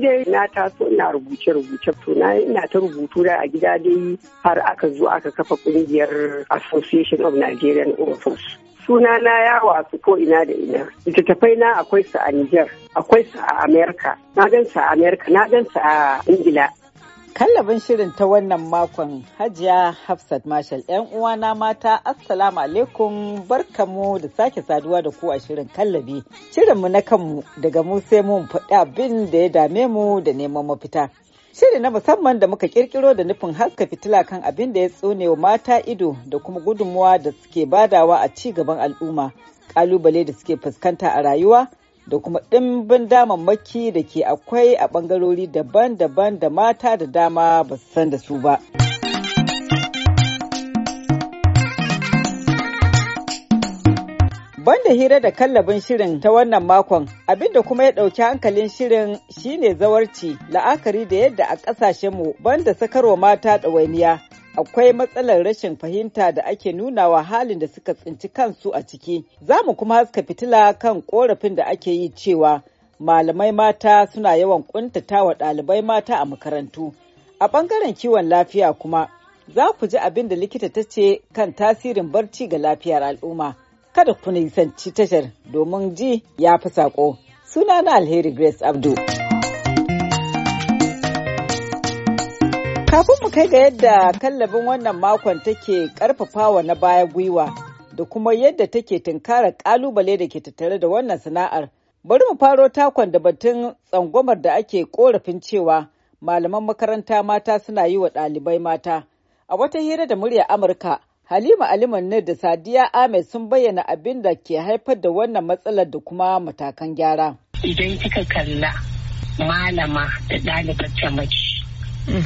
dai na taso ina rubuce-rubuce tuna ina ta rubutu da a gida dai har aka zo aka kafa kungiyar Association of Nigerian Authors. Suna na ya wasu ko ina da ina. Littattafai na akwai su a Niger, akwai su a Amerika, na gan su a Amerika, na gan su a Ingila, Kallabin shirin ta wannan makon Hajiya Hafsat Mashal ‘yan uwana mata Assalamu alaikum barkamu da sake saduwa da ku a shirin kallabi. Shirinmu na kanmu daga mu sai mun faɗi abin da ya dame mu da neman mafita. Shirin na musamman da muka kirkiro da nufin haska fitila kan abin da ya tsone wa mata ido da kuma gudunmuwa da suke badawa a ci gaban al'umma, kalubale da suke fuskanta a rayuwa da kuma ɗimbin damammaki da ke akwai a ɓangarori daban-daban da mata da dama ba su san da su ba. Banda hira da kallabin shirin ta wannan makon, abinda kuma ya ɗauki hankalin shirin shine zawarci la'akari da yadda a ƙasashenmu banda sakarwa mata ɗawainiya akwai matsalar rashin fahimta da ake nunawa halin da suka tsinci kansu a ciki. Za mu kuma haska fitila kan korafin da ake yi cewa malamai mata suna yawan wa ɗalibai mata a makarantu. A ɓangaren kiwon lafiya kuma, za ku ji abin da likita ta ce kan tasirin barci ga lafiyar al'umma. Kada ku nisanci tashar domin ji ya fi saƙo. Sunana Alheri Grace Abdu. Kafin mu kai ga yadda kallabin wannan makon take karfafawa na baya gwiwa da kuma yadda take tunkara kalubale da ke tattare da wannan sana'ar. Bari mu faro takon da batun tsangwamar da ake korafin cewa malaman makaranta mata suna yi wa ɗalibai mata. A wata hira da murya Amurka, Halima Aliman ne da Sadiya Ahmed sun bayyana abin da ke haifar da wannan matsalar da kuma matakan gyara. Idan kika kalla malama da ɗalibar mace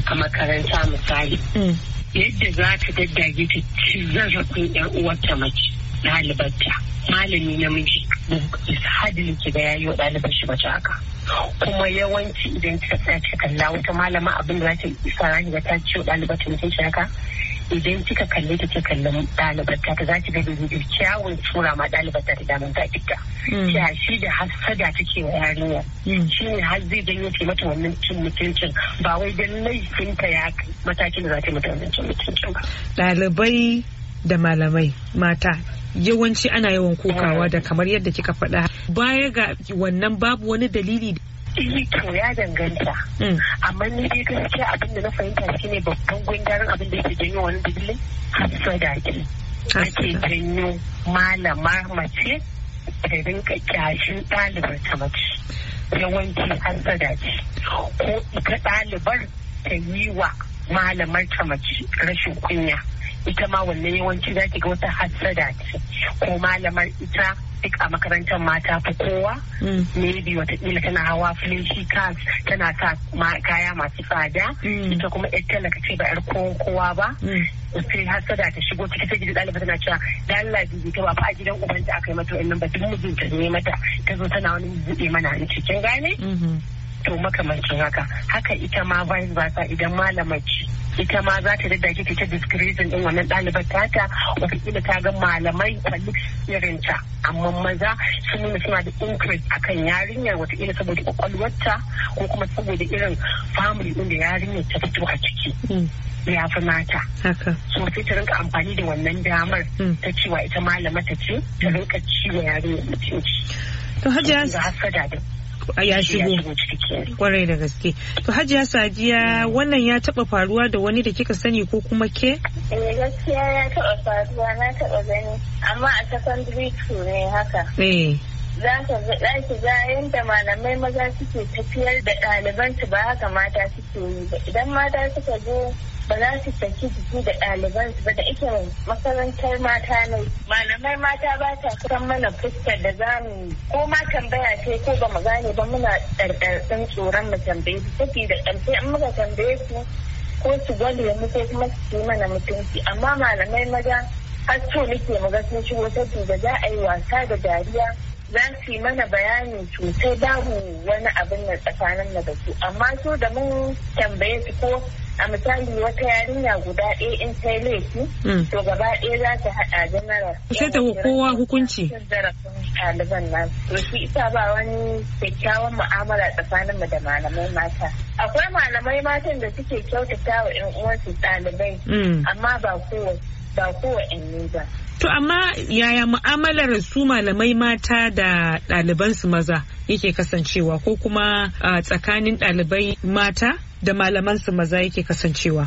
a makaranta misali mm. yadda za ta daddage ta ci zarafin yan uwarta mace ɗalibarta malami namiji hadin ki da yayi wa ɗalibar shi mace haka kuma yawanci idan ta tsaya ta kalla wata malama abin da za ta isa ranar ta ci wa ɗalibar ta mutunci haka idan kika kalli ta ce kallon ɗalibar ta ta za ki ga da kyawun tsura ma ɗalibar ta ta damar ta ita. Hmm. Yashi da hasada take wa yarinya. Hmm. Shi ne har zai janyo ta mata wannan cin mutuncin ba wai don laifinta ya matakin da za ta yi mata wannan cin mutuncin ba. Ɗalibai da malamai mata yawanci ana yawan kokawa hmm. da kamar yadda kika faɗa baya ga wannan babu wani dalili Eh to ya danganta. Mm. Amma ni dai gaskiya abin da na fahimta shi ne babban gundarin abin da yake janyo wani dubilin hasada Ake janyo malama mace ta rinka kyashin ɗalibar ta mace. Yawanci hasada Ko ita ɗalibar ta yi wa malamar ta mace rashin kunya. ita ma wanne yawanci za ki ga wata hassada ce ko malamar ita duk a makarantar mata fi kowa mm. maybe watakila tana hawa fleshy cars tana sa kaya masu tsada mm. ita kuma yar talaka ce ba yar kowa ba mm. sai hassada ta shigo ciki ta gida ɗaliba tana cewa da Allah bibi ta ba fa a gidan ubanta aka yi mata wannan ba duk ta ne mata ta zo tana wani buɗe mana cikin gane mm-hmm. to makamancin haka haka ita ma vice versa idan malamar ce ita ma za ta daddage ta discretion din wannan ɗalibar tata kila ta ga malamai irin ta amma maza sun nuna suna da increase akan yarinyar kila saboda kwakwalwarta ko kuma saboda irin family din da yarinyar ta fito a ciki hmm. ya fi mata. So sai ta rinka amfani da wannan damar hmm. ta cewa ita malama ta ce ta rinka ciwo yarinyar mutunci. To hajiya. ya shigo kwarai da gaske to hajiya sadiya wannan ya taba faruwa da wani da kika sani ko kuma ke eh gaskiya ya taba faruwa na taba gani amma a secondary two ne haka eh za ka ɗaki za yadda malamai maza suke tafiyar da ɗalibansu ba haka mata suke yi ba idan mata suka zo ba za su saki jiki da ɗaliban su ba da ike makarantar mata ne malamai mata ba ta san mana fuskar da za mu ko ma tambaya ce ko ba mu gane ba muna ɗarɗarɗin tsoron mu tambaye su saboda ƙarfi an muka tambaye su ko su gwale mu ko kuma su ci mana mutunci amma malamai maza har so nake mu ga sun shigo saboda za a yi wasa da dariya za su yi mana bayani sosai babu wani abin na tsakanin na da su amma so da mun tambaye su ko a misali wata yarinya guda ɗaya in ta laifi hmm. to gaba ɗaya za ta haɗa janaral sai ta kowa hukunci ɗaliban nan to shi isa ba wani kyakkyawan mu'amala tsakanin mu da malamai mata akwai malamai matan da suke kyautata wa ƴan uwansu ɗalibai hmm. amma ba kowa ba kowa ba To amma yaya mu'amalar su malamai mata da ɗalibansu maza yake kasancewa ko kuma ah, tsakanin ɗalibai mata da malamansu maza yake kasancewa?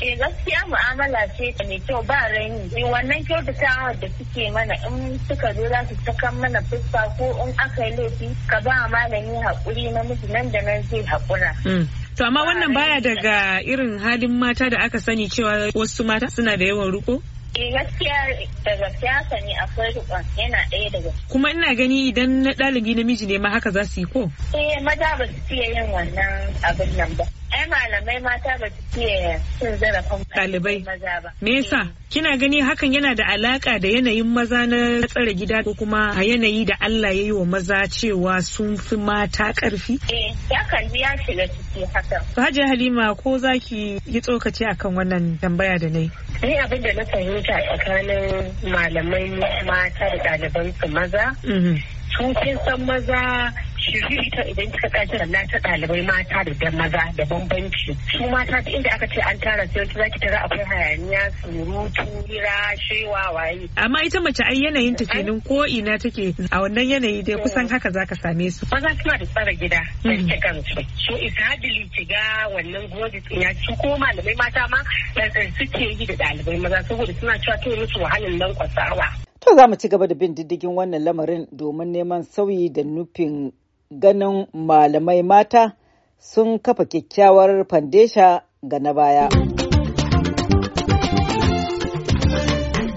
Eh gaskiya mu'amala ce ta mai kyau ba raini. Eh, wannan kyautatawa da suke mana in suka zo za su sakan mana fuska ko in aka yi laifi ka ba malami haƙuri miji nan da nan zai haƙura. Hmm. To amma wannan baya daga irin halin mata da aka sani cewa wasu mata suna da yawan ruko? Eh, gaskiya daga siyasa ne akwai yana ɗaya daga kuma ina gani idan na ɗalibi namiji ne ma haka za su yi ko eh maza ba su fiye yin wannan abin nan ba ai malamai mata ba su iya cin zarafin ɗalibai maza ba. Me yasa? Eh. Kina gani hakan yana da alaka da yanayin maza na tsare gida ko kuma a yanayi da Allah ya yi wa maza cewa sun fi mata ƙarfi? Eh, ya kalli ya shiga ciki hakan. Hajji Halima ko za ki yi tsokaci akan wannan tambaya da na yi? Ni abin da na fahimta tsakanin malamai mata da ɗalibansu maza. Mm-hmm. Sun san maza shiri ita idan kika kaji na ta dalibai mata da dan maza da bambanci su mata da inda aka ce an tara sai za zaki tara akwai hayaniya surutu hira shewa waye amma ita mace ai yanayin ta kenan ko ina take a wannan yanayi dai kusan haka zaka same su maza suna da tsara gida da mm. kan kansu so isadili ki ga wannan din ya ci ko malamai mata ma eh, eh, suke yi da dalibai maza saboda suna cewa to musu wahalin lankwasawa. To za mu ci gaba da bin diddigin wannan lamarin domin neman sauyi da nufin ganin malamai mata sun kafa kyakkyawar fandesha ga na baya.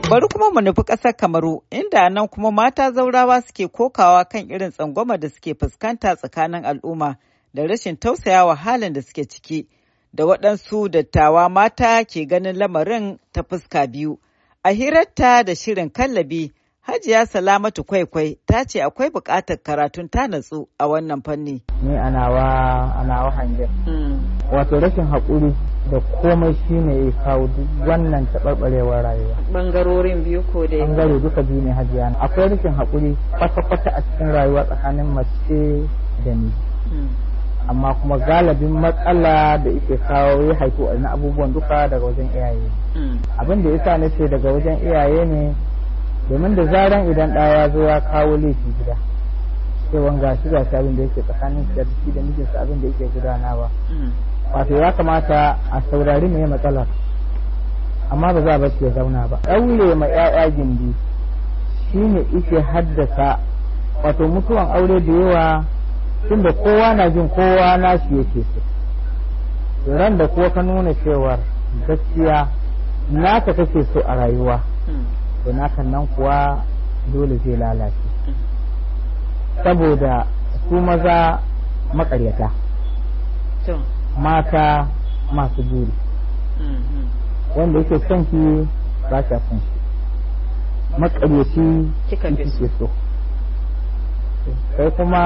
Bari kuma mu nufi ƙasar Kamaru, inda nan kuma mata zaurawa suke kokawa kan irin tsangwama da suke fuskanta tsakanin al'umma da rashin tausayawa halin da suke ciki, da waɗansu dattawa mata ke ganin lamarin ta fuska biyu. A hirarta da shirin kallabi, Hajiya Salamatu Kwaikwai ta ce akwai buƙatar karatun ta natsu a wannan fanni. Ni anawa anawa hangen. Hmm. Wato rashin haƙuri da komai shi ne ya kawo wannan taɓarɓarewar rayuwa. Bangarorin biyu ko da Bangare duka biyu ne hajiya. Akwai rashin haƙuri kwata-kwata a cikin rayuwa tsakanin mace da ni. Hmm. Amma kuma galibin matsala da ike kawo ya na a abubuwan duka daga wajen iyaye. Hmm. Abin da ya sa nace daga wajen iyaye ne domin da zaran idan ɗaya ya zo ya kawo laifi gida sai wanga shi ga abin da yake tsakanin da shi da mijinsa abin da yake ba mm. wato ya kamata a saurari mai matsalar amma ba za a bace zauna ba ɗaure ma 'ya'ya gindi ne ike haddasa wato mutuwan aure da yawa tunda kowa na jin kowa na shi yake so ran da kuwa ka nuna cewar gaskiya naka kake so a rayuwa mm. to nakan nan kuwa dole zai lalace saboda su maza makaryata mata masu buri mm-hmm. wanda yake son ki ba ta son shi makaryaci kike so sai kuma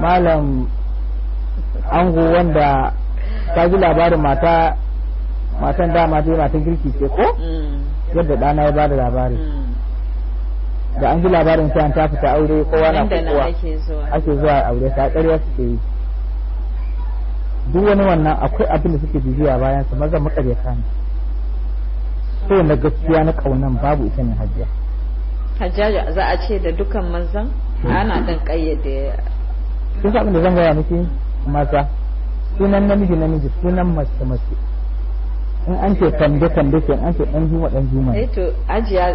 malam ango wanda ta ji labarin mata matan dama dai matan girki ce ko mm. yadda ɗana ya bada labari da an ji labarin sai an ta fita aure kowa na kowa ake zuwa aure ta ƙarya suke yi duk wani wannan akwai abin da suke bibiya bayan su maza makaryata ne so na gaskiya na ƙaunan babu ita ne hajjiya hajjaja za a ce da dukan mazan ana dan kayyade sun abin da zan gaya miki maza sunan namiji namiji sunan mace mace in an ce kambe kande ke an ce dan juma dan juma eh to ajiya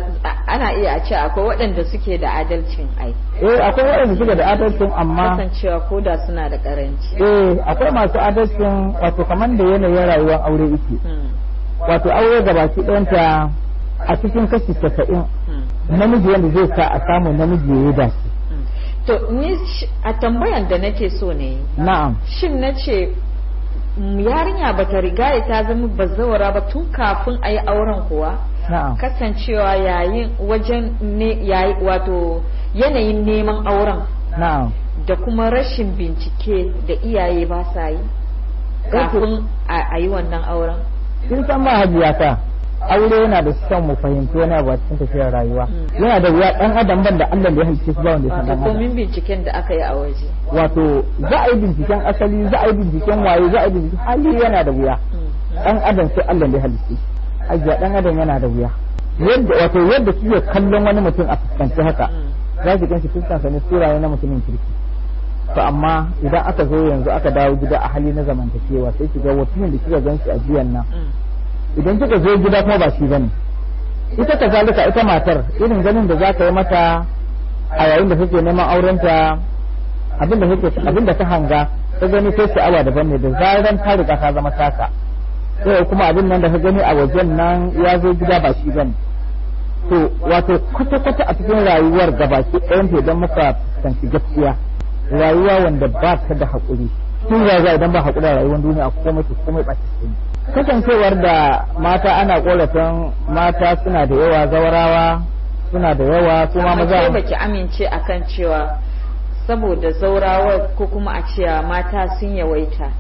ana iya a ce akwai waɗanda suke da adalcin ai eh akwai waɗanda suke da adalcin amma kasancewa ko da suna da karanci eh akwai masu adalcin wato kamar da yanayin rayuwar aure yake hmm. wato aure gabaki ɗanta a cikin kashi casa'in hmm. namiji wanda zai sa a samu namiji ya yi dace hmm. to ni a tambayan da nake so ne na'am shin na ce yarinya ba ta riga ta zama bazawara ba tun kafin a yi auren kuwa kasancewa yayin wajen ne wato yanayin neman auren da kuma rashin bincike da iyaye ba sa yi kafin a yi wannan auren In san ba hajiya ta aure yana da son mu fahimci wani abu a cikin tafiyar rayuwa mm. yana da wuya dan adam ban da Allah da ya halice su ba wanda ya san komin binciken da aka yi a waje wato za a yi binciken asali za a yi binciken waye za a yi binciken hali yana da wuya dan mm. adam sai Allah da ya halice ajiya dan adam yana da wuya yadda wato yadda kike kallon wani mutum a fuskanci haka mm. za ki ganshi sa ne sura na mutumin kirki to amma idan aka zo yanzu aka dawo gida a hali na zamantakewa sai ki ga mutumin da kika ganshi a jiyan nan idan kika zo gida kuma ba shi bane ita ta zalika ita matar irin ganin da za yi mata a yayin da kake neman aurenta abinda kake da ta hanga ta gani sai sha'awa daban ne da zaran ta riga ta zama taka sai kuma abin nan da ka gani a wajen nan ya zo gida ba shi bane to wato kwata kwata a cikin rayuwar gabaki ɗayan ta idan muka fuskanci gaskiya rayuwa wanda ba ta da haƙuri tun rayuwa idan ba haƙuri rayuwar duniya komai komai ba ta kasancewar da mata ana ƙorafin mata suna da yawa zawarawa suna da yawa kuma maza ba ki amince akan cewa saboda zaurawa ko kuma a cewa mata sun yawaita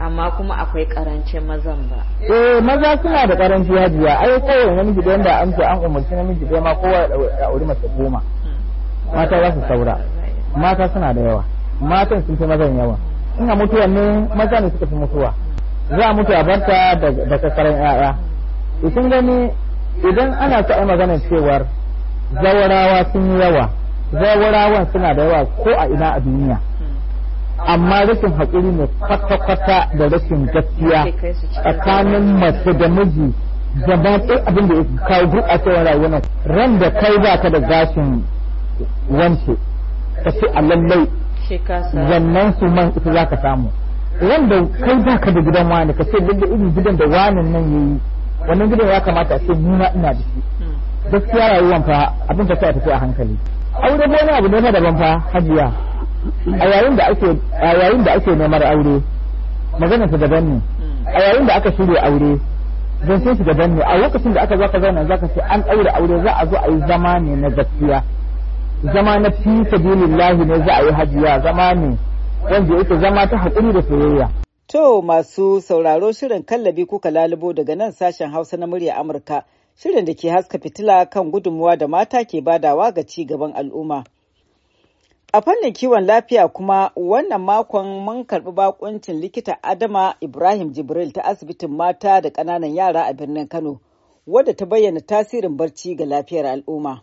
amma kuma akwai karancin mazan ba eh maza suna da karanci hajiya ai kai namiji da wanda an an umarci namiji da ma kowa ya aure mace goma mata za su saura mata suna da yawa matan sun fi mazan yawa ina mutuwa ne maza ne suka fi mutuwa za a mutu a barta da kakarin ‘ya'ya. Ikin gani idan ana ta magana cewar zawarawa sun yi yawa, zawarawan suna da yawa ko a ina a duniya. Amma rashin haƙuri ne kwata-kwata da rashin gaskiya tsakanin mace da miji da ba abin da ya kawo cewar rayuwar ran da kai ba ka da gashin wance ka ce a lallai wannan su man ita za ka samu. wanda kai ka da gidan wani ka ce lalle irin gidan da wanan nan ya yi wannan gidan ya kamata a ce nuna ina da shi gaskiya rayuwan fa abin ta sai tafi a hankali aure wani abu ne na daban hajiya a yayin da ake a yayin aure magana ta daban ne a yayin da aka shirya aure zan sai ne a lokacin da aka zo ka zauna zaka ce an aure aure za a zo a yi zama ne na gaskiya zama na fi sabilillahi ne za a yi hajiya zama ne wanda yake zama ta haƙuri da soyayya. To masu sauraro shirin kallabi kuka lalubo daga nan sashen Hausa na murya Amurka. Shirin da ke haska fitila kan gudunmuwa da mata ke badawa ga ci gaban al'umma. A fannin kiwon lafiya kuma wannan makon mun karɓi bakuncin likita Adama Ibrahim Jibril ta asibitin mata da ƙananan yara a birnin Kano, wadda ta bayyana tasirin barci ga lafiyar al'umma.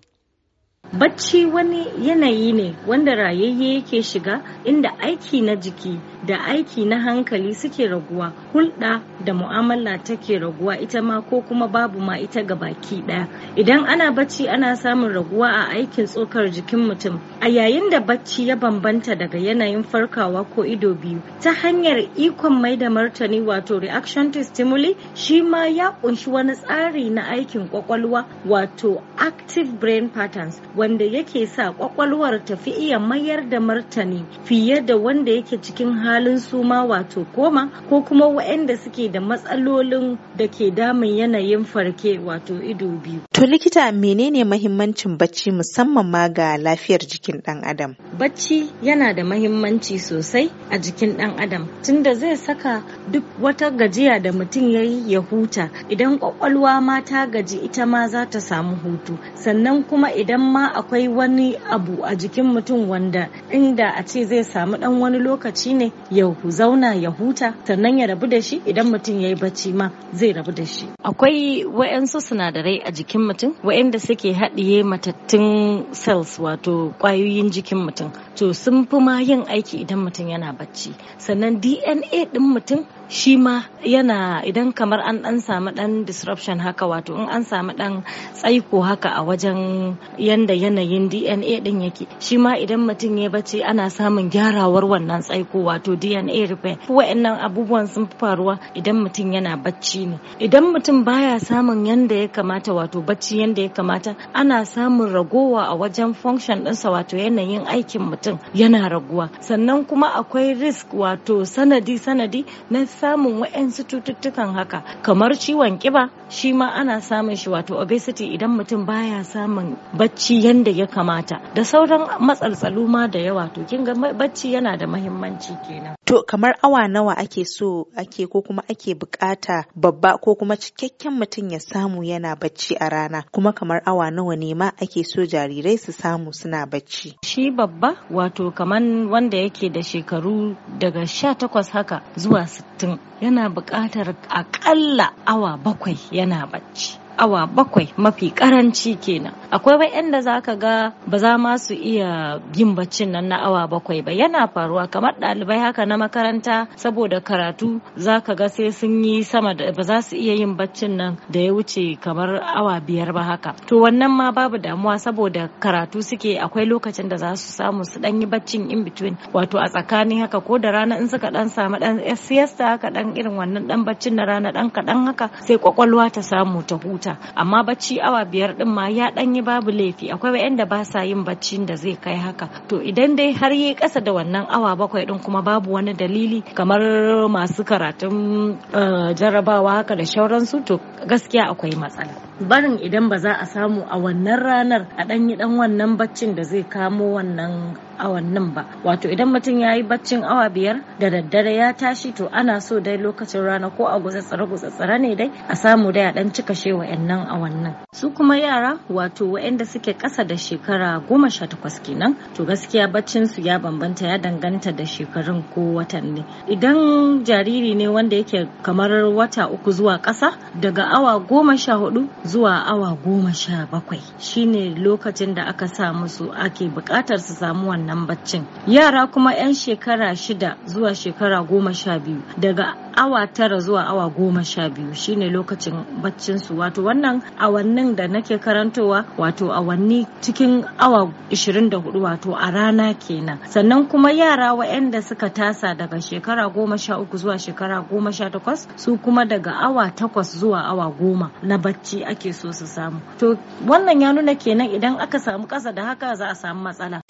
Bacci wani yanayi ne wanda rayayye yake shiga inda aiki na jiki da aiki na hankali suke raguwa hulɗa da mu'amala take raguwa ita ma ko kuma babu ma ita ga baki ɗaya idan ana bacci ana samun raguwa a aikin tsokar jikin mutum a yayin da bacci ya bambanta daga yanayin farkawa ko ido biyu ta hanyar ikon mai da martani wato reaction to stimuli shi ma ya ƙunshi wani tsari na aikin ƙwaƙwalwa wato active brain patterns wanda yake sa kwakwalwar fi iya mayar da martani fiye da wanda yake cikin halin suma wato koma ko kuma waɗanda suke da matsalolin da ke damun yanayin farke wato ido biyu. To likita menene mahimmancin bacci musamman ma ga lafiyar jikin ɗan adam? Bacci yana da mahimmanci sosai a jikin ɗan adam tunda zai saka duk wata gajiya da mutum ya yi ya huta idan kwakwalwa ma ta gaji ita ma za ta samu hutu sannan kuma idan ma ma akwai wani abu a jikin mutum wanda inda a ce zai samu dan wani lokaci ne ya zauna ya huta sannan ya rabu da shi idan mutum ya yi bacci ma zai rabu da shi akwai wa'yansu sinadarai a jikin mutum wa'yanda suke haɗiye matattun cells wato ƙwayoyin jikin mutum to sun fi ma yin aiki idan mutum yana bacci sannan dna ɗin mutum shi ma yana idan kamar an dan samu dan disruption haka wato in an samu dan tsaiko haka a wajen yanda yanayin DNA din yake shi ma idan mutum ya bace ana samun gyarawar wannan tsaiko wato DNA repair wa'annan abubuwan sun faruwa idan mutum yana bacci ne idan mutum baya samun yanda ya kamata wato bacci yanda ya kamata ana samun ragowa a wajen function dinsa wato yanayin aikin mutum yana raguwa sannan kuma akwai risk wato sanadi sanadi na samun wa'yansu cututtukan haka kamar ciwon kiba shi ma ana samun shi wato obesity idan mutum baya samun bacci yanda ya kamata da sauran matsaltsalu ma da yawa to kin ga bacci yana da mahimmanci kenan to kamar awa nawa ake so ake ko kuma ake bukata babba ko kuma cikakken mutum ya samu yana bacci a rana kuma kamar awa nawa ne ma ake so jarirai su samu suna bacci shi babba wato kamar wanda yake da shekaru daga 18 haka zuwa 60 mutum yana buƙatar aƙalla awa bakwai yana bacci awa bakwai mafi karanci kenan akwai wayanda za ka ga ba za ma su iya yin baccin nan na awa bakwai ba yana faruwa kamar ɗalibai haka na makaranta saboda karatu za ka ga sai sun yi sama da ba za su iya yin baccin nan da ya wuce kamar awa biyar ba haka to wannan ma babu damuwa saboda karatu suke akwai lokacin da za su samu su dan yi baccin in between wato a tsakanin haka ko da rana in suka dan samu dan siesta haka dan irin wannan dan baccin na rana dan kaɗan haka sai kwakwalwa ta samu ta huta bukata amma bacci awa biyar din ma ya dan yi babu laifi akwai wayanda ba sa yin bacci da zai kai haka to idan dai har yi kasa da wannan awa bakwai din kuma babu wani dalili kamar masu karatun eh, jarabawa haka da shauransu to gaskiya akwai matsala barin idan ba za a samu a wannan ranar a dan yi dan wannan baccin da zai kamo wannan awannin ba wato idan mutum ya yi baccin awa biyar da daddare ya tashi to ana so dai lokacin rana ko a gutsatsare gutsatsare ne dai a samu dai a dan cika shi wa'annan awannin su kuma yara wato wa'anda suke ƙasa da shekara goma sha takwas kenan to gaskiya baccin su ya bambanta ya danganta da shekarun ko watanni idan jariri ne wanda yake kamar wata uku zuwa ƙasa daga awa goma sha hudu zuwa awa goma sha bakwai shine lokacin da aka sa musu ake buƙatar su samu wannan wannan baccin yara kuma 'yan shekara shida zuwa shekara goma sha biyu daga awa tara zuwa awa goma sha biyu shine lokacin baccinsu, su wato wannan awannin da nake karantowa wato awanni cikin awa 24 wato a rana kenan sannan kuma yara waɗanda suka tasa daga shekara goma sha uku zuwa shekara goma sha takwas su kuma daga awa takwas zuwa awa goma na bacci ake so su samu to wannan ya nuna kenan idan aka samu ƙasa da haka za a samu matsala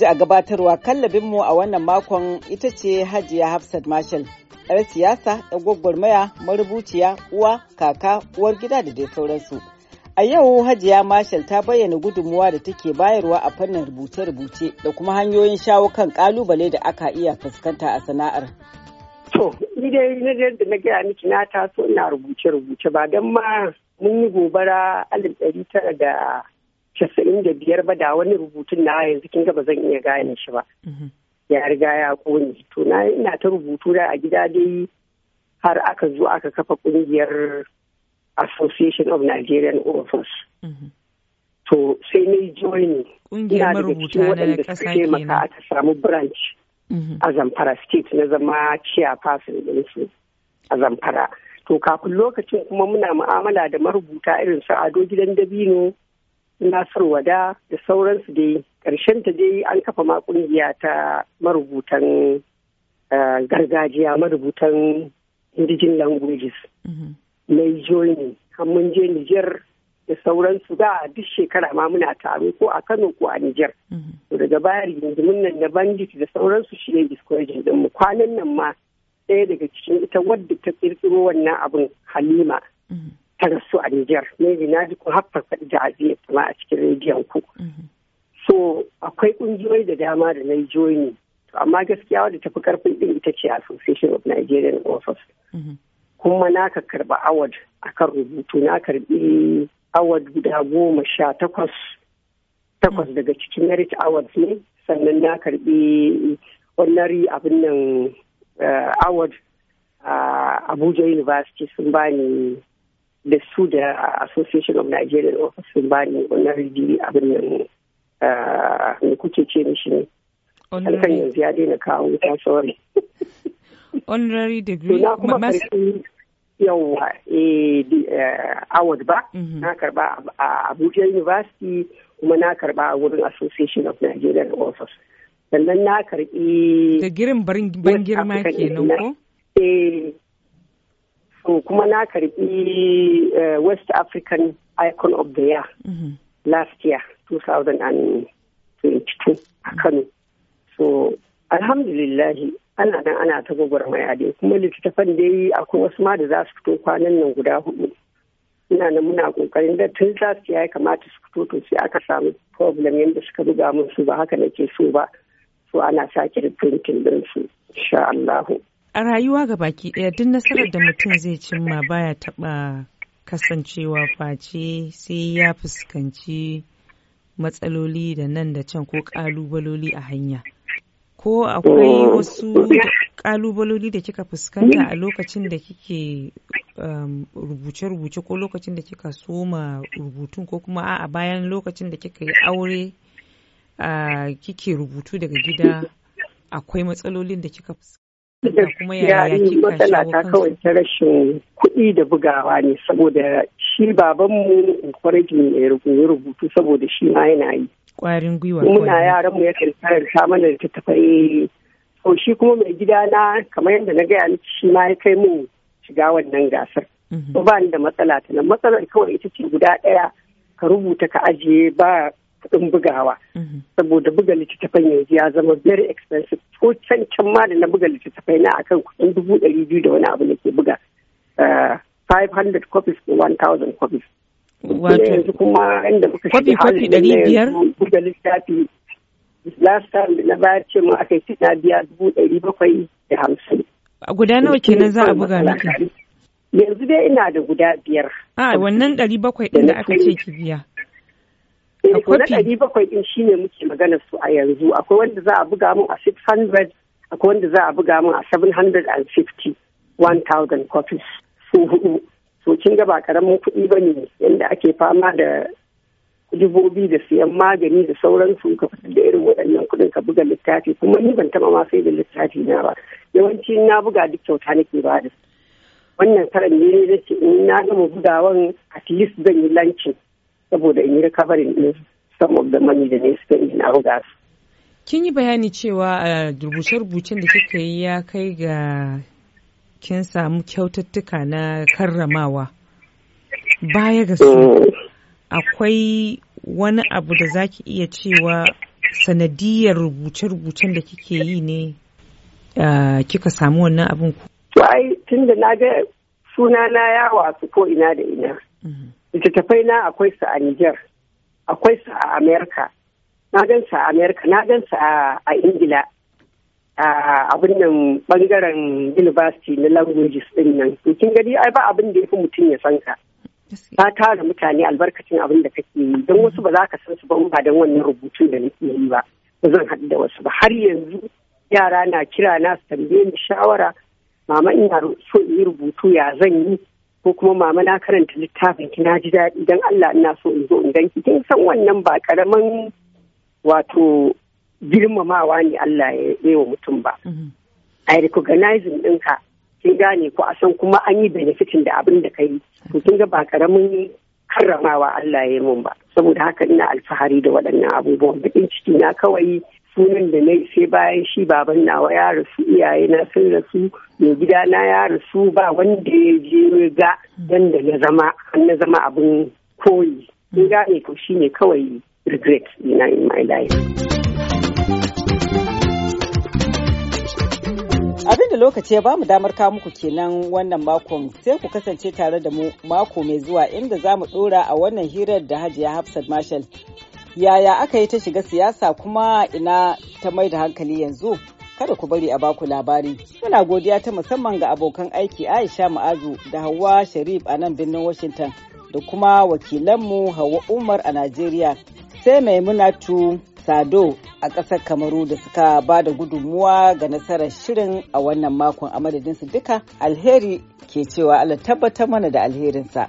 ji a gabatarwa kallabinmu a wannan makon ita ce Hajiya Hafsat Marshall. 'Yar siyasa, 'yar gwagwarmaya, marubuciya, uwa, kaka, uwar gida da dai sauransu. A yau Hajiya Marshall ta bayyana gudunmuwa da take bayarwa a fannin rubuce-rubuce da kuma hanyoyin shawo kan kalubale da aka iya fuskanta a sana'ar. To, ni dai na da na gaya miki na taso ina rubuce-rubuce ba don ma mun yi gobara alif ɗari tara da casa'in da biyar ba da wani rubutun na yanzu kin ga ba zan iya gane shi ba mm-hmm. ya riga ya kone to na ina ta rubutu da a gida dai har aka zo aka kafa kungiyar association of nigerian authors mm-hmm. to sai na join ina da cikin waɗanda suka taimaka aka samu branch mm-hmm. a zamfara state na zama chair person su a zamfara to kafin lokacin kuma muna mu'amala da marubuta irin su ado gidan dabino Nasir Wada da sauransu dai ƙarshen ta dai an kafa ma ƙungiya ta marubutan eh, gargajiya marubutan indigenous languages mhm. mai joini munje je Nijar da sauransu da duk shekara ma muna taro ko a Kano ko a Nijar. Mhm. Daga baya rigingimin nan na bandit da sauransu shi ne discouraging mu kwanan nan ma ɗaya daga cikin ita wadda ta ƙirƙiro wannan abin Halima. Mhm. ta rasu a Nijar. Maybe na ji kun haffar faɗi da ajiye kuma a cikin rediyon ku. Mhm. So akwai ƙungiyoyi da dama da na to Amma gaskiya wadda tafi karfin ɗin ita ce Association of Nigerian Authors. Mhm. Kuma na ka karɓa award a kan rubutu na karɓi award guda goma sha takwas. Takwas daga cikin merit awards ne sannan na karɓi ordinary abin nan eh, award a ah, Abuja University sun bani da su da association of nigerian office ba ne wannan rigi abin nan ne ah, kuke ce mishi ne alkan yanzu ya daina kawo wuta sorry honorary degree yawwa eh, eh, award ba mhm. na karba a abuja university kuma na karba a wurin association of nigerian office sannan na karbi da girin ban girma kenan ko eh so kuma na karbi eh, west african icon of the year mhm. last year 2022 a kano so alhamdulillahi ana nan ana ta gwagwarmaya dai kuma littattafan da dai akwai wasu ma da za su fito kwanan nan guda hudu ina nan muna kokarin da tun za su ya kamata su fito to sai aka samu problem yadda suka buga mun su ba haka nake so ba so ana sake da printing din insha Allahu a rayuwa ga baki ɗaya duk nasarar da mutum zai cimma baya taɓa kasancewa face sai ya fuskanci matsaloli da nan da can ko ƙalubaloli a hanya ko akwai mm. wasu ƙalubaloli da kika fuskanta a lokacin da kike um, rubuce-rubuce ko lokacin da kika soma rubutun ko kuma a bayan lokacin da kika yi aure kike rubutu daga gida akwai matsalolin da kika fuskanta kuma yaya kika shawo kawai ta rashin kuɗi da bugawa ne saboda shi babanmu kwarajin ya rubutu saboda shi ma yana yi kwarin gwiwa muna yaran mu yakan karanta mana littattafai to shi kuma mai gida na kamar yadda na gaya miki shi ma ya kai mu shiga wannan gasar mhm. ba ni da matsala ta nan matsalar kawai ita ce guda ɗaya ka rubuta ka ajiye ba kudin bugawa mhm. saboda buga littattafai yanzu ya zama very expensive ko can can ma da na buga littattafai na akan kudin dubu ɗari biyu da wani abu da ke buga 500 eh, copies ko 1000 copies wato yanzu kuma inda muka kwafi kwafi ɗari biyar buga littafi last time na bayar ce mu aka yi na biya dubu ɗari bakwai da hamsin guda nawa kenan za a buga maka yanzu dai ina da guda biyar a wannan ɗari bakwai ɗin da aka ce ki biya Eh, na ɗari bakwai ɗin shi ne muke magana su a yanzu. Akwai wanda za a buga mu a 600, akwai wanda za a buga mu a 750, 1,000 copies su hudu. So kin ga ba karamin kuɗi ba ne yadda ake fama da dubobi da siyan magani da sauransu ka fitar da irin waɗannan kuɗin ka buga littafi kuma ni ban taɓa ma sai da littafi na ba yawanci na buga duk kyauta nake ba da wannan karan ne na ce in na gama bugawan at least zan yi lancin saboda in yi recovering din some of the money da ne spend in su. Kin yi bayani cewa uh, rubuce-rubucen da kika yi ya kai ga kin samu kyaututtuka na karramawa. Baya ga su mm. akwai wani abu da zaki iya cewa sanadiyar rubuce-rubucen da kike yi ne uh, kika samu wannan abin ku? tun da na ga sunana ya wasu ko ina da ina. Mm-hmm. littattafai na akwai su a Nijar, akwai su a Amerika, na gan su a Amerika, na gan su a Ingila, a abin nan bangaren university na languages din nan. Kin gadi ai ba abin da ya fi mutum ya san ka. Ka tara mutane albarkacin abin da kake yi, don wasu ba za ka san su ba ba don wannan rubutun da nake yi ba. Ba zan haɗu da wasu ba. Har yanzu yara na kira na su tambaye ni shawara, mama ina so in yi rubutu ya zan yi. ko kuma mama na karanta littafin ki na ji daɗi dan Allah ina so in zo in ganki kin san wannan ba karaman wato girmamawa ne Allah ya yi wa mutum ba a mhm. recognizing ɗinka kin gane ko a san kuma an yi benefitin da abin da ka yi to kin ga ba karamin karramawa Allah ya yi mun ba saboda haka ina alfahari da waɗannan abubuwan bakin ciki na kawai sunan da na sai bayan shi baban nawa ya rasu iyaye na sun rasu mai gida na ya rasu ba wanda ya je ga dan da na zama na zama abin koyi in gane shi shine kawai regret ina in my life abin da lokaci ya bamu damar kawo muku kenan wannan makon sai ku kasance tare da mu mako mai zuwa inda zamu mu dora a wannan hirar da hajiya hafsat marshall Yaya aka yi ta shiga siyasa kuma ina ta mai da hankali yanzu? Kada ku bari a baku labari. Muna godiya ta musamman ga abokan aiki Aisha Ma'azu da Hawa Sharif a nan birnin Washington da kuma wakilanmu Hawa Umar a Najeriya. Sai Maimunatu Sado a ƙasar Kamaru da suka ba da gudunmuwa ga nasarar shirin a wannan makon a madadinsu duka alheri ke cewa Allah tabbatar mana da alherinsa.